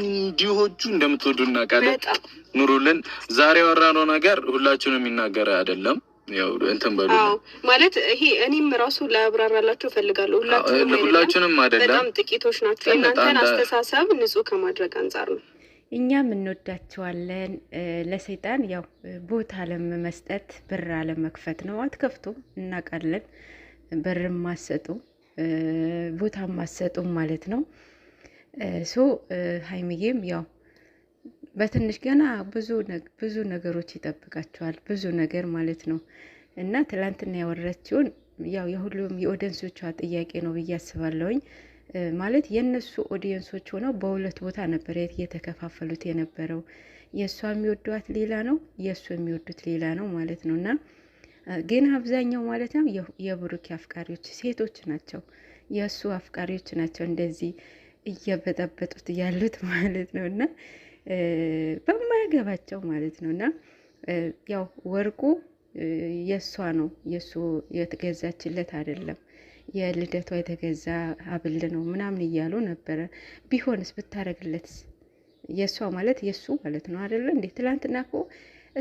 የምትወዱት እንደምትወዱ እናውቃለን። ኑሩልን። ዛሬ ያወራነው ነገር ሁላችንም የሚናገር አይደለም። ያው እንትን በሉ ማለት ይሄ እኔም ራሱ ላብራራላችሁ እፈልጋለሁ። ሁላችሁንም አይደለም፣ በጣም ጥቂቶች ናቸው። የእናንተን አስተሳሰብ ንጹህ ከማድረግ አንጻር ነው። እኛም እንወዳቸዋለን። ለሰይጣን ያው ቦታ ለመስጠት ብር አለመክፈት ነው። አትከፍቱም፣ እናውቃለን። ብር ማሰጡ ቦታ ማሰጡ ማለት ነው። ሶ ሀይሚዬም ያው በትንሽ ገና ብዙ ነገሮች ይጠብቃቸዋል። ብዙ ነገር ማለት ነው። እና ትላንትና ያወራችውን ያው የሁሉም የኦዲየንሶቿ ጥያቄ ነው ብዬ አስባለሁኝ። ማለት የእነሱ ኦዲየንሶች ሆነው በሁለት ቦታ ነበር የተከፋፈሉት የነበረው። የእሷ የሚወዷት ሌላ ነው፣ የእሱ የሚወዱት ሌላ ነው ማለት ነው። እና ግን አብዛኛው ማለት ነው የብሩኬ አፍቃሪዎች ሴቶች ናቸው፣ የእሱ አፍቃሪዎች ናቸው እንደዚህ እየበጠበጡት ያሉት ማለት ነው እና በማያገባቸው ማለት ነው እና ያው ወርቁ የእሷ ነው የእሱ የተገዛችለት አይደለም የልደቷ የተገዛ ሀብል ነው ምናምን እያሉ ነበረ። ቢሆንስ ብታረግለትስ የእሷ ማለት የእሱ ማለት ነው አደለ እንዴ? ትላንትና እኮ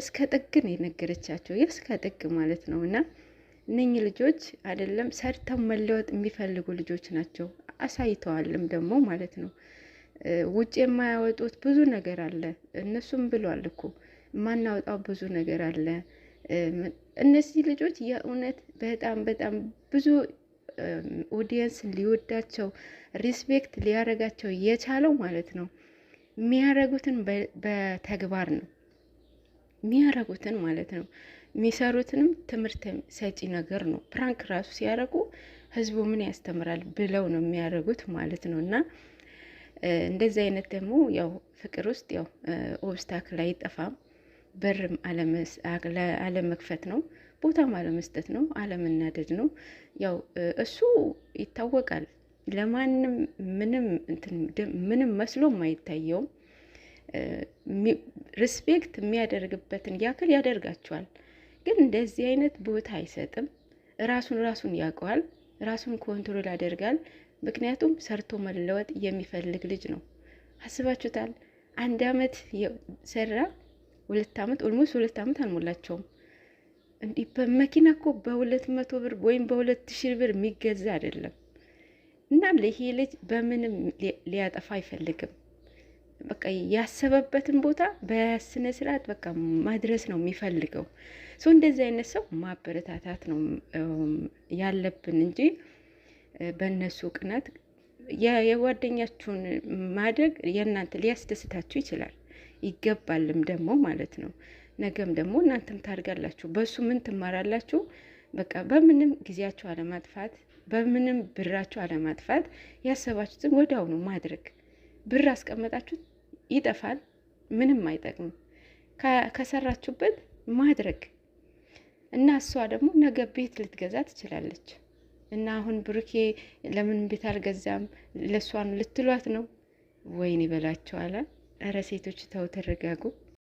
እስከ ጥግ ነው የነገረቻቸው የእስከ ጥግ ማለት ነው እና እነኚህ ልጆች አይደለም ሰርተው መለወጥ የሚፈልጉ ልጆች ናቸው። አሳይተዋልም ደግሞ ማለት ነው። ውጭ የማያወጡት ብዙ ነገር አለ። እነሱም ብሏል እኮ የማናወጣው ብዙ ነገር አለ። እነዚህ ልጆች የእውነት በጣም በጣም ብዙ ኦዲየንስ ሊወዳቸው ሪስፔክት ሊያረጋቸው የቻለው ማለት ነው የሚያረጉትን በተግባር ነው የሚያረጉትን ማለት ነው የሚሰሩትንም ትምህርት ሰጪ ነገር ነው። ፕራንክ ራሱ ሲያደርጉ ህዝቡ ምን ያስተምራል ብለው ነው የሚያደርጉት ማለት ነው። እና እንደዚህ አይነት ደግሞ ያው ፍቅር ውስጥ ያው ኦብስታክል አይጠፋም። በርም አለመክፈት ነው፣ ቦታም አለመስጠት ነው፣ አለመናደድ ነው። ያው እሱ ይታወቃል። ለማንም ምንም መስሎ አይታየውም። ሪስፔክት የሚያደርግበትን ያክል ያደርጋቸዋል። ግን እንደዚህ አይነት ቦታ አይሰጥም። ራሱን ራሱን ያውቀዋል፣ ራሱን ኮንትሮል ያደርጋል። ምክንያቱም ሰርቶ መለወጥ የሚፈልግ ልጅ ነው። አስባችሁታል? አንድ አመት ሰራ፣ ሁለት አመት ኦልሞስት ሁለት አመት አልሞላቸውም። እንዲህ በመኪና እኮ በሁለት መቶ ብር ወይም በሁለት ሺህ ብር የሚገዛ አይደለም። እና ይሄ ልጅ በምንም ሊያጠፋ አይፈልግም። በቃ ያሰበበትን ቦታ በስነ ስርዓት በቃ ማድረስ ነው የሚፈልገው ሶ እንደዚህ አይነት ሰው ማበረታታት ነው ያለብን እንጂ በእነሱ ቅናት የጓደኛችሁን ማደግ የእናንተ ሊያስደስታችሁ ይችላል፣ ይገባልም ደግሞ ማለት ነው። ነገም ደግሞ እናንተም ታድጋላችሁ። በእሱ ምን ትማራላችሁ? በቃ በምንም ጊዜያችሁ አለማጥፋት፣ በምንም ብራችሁ አለማጥፋት፣ ያሰባችሁትን ወዲያውኑ ማድረግ ብር አስቀመጣችሁት ይጠፋል፣ ምንም አይጠቅምም። ከሰራችሁበት ማድረግ እና እሷ ደግሞ ነገ ቤት ልትገዛ ትችላለች። እና አሁን ብሩኬ ለምን ቤት አልገዛም ለእሷን ልትሏት ነው? ወይን ይበላቸዋል እረ ሴቶች ተው ተረጋጉ።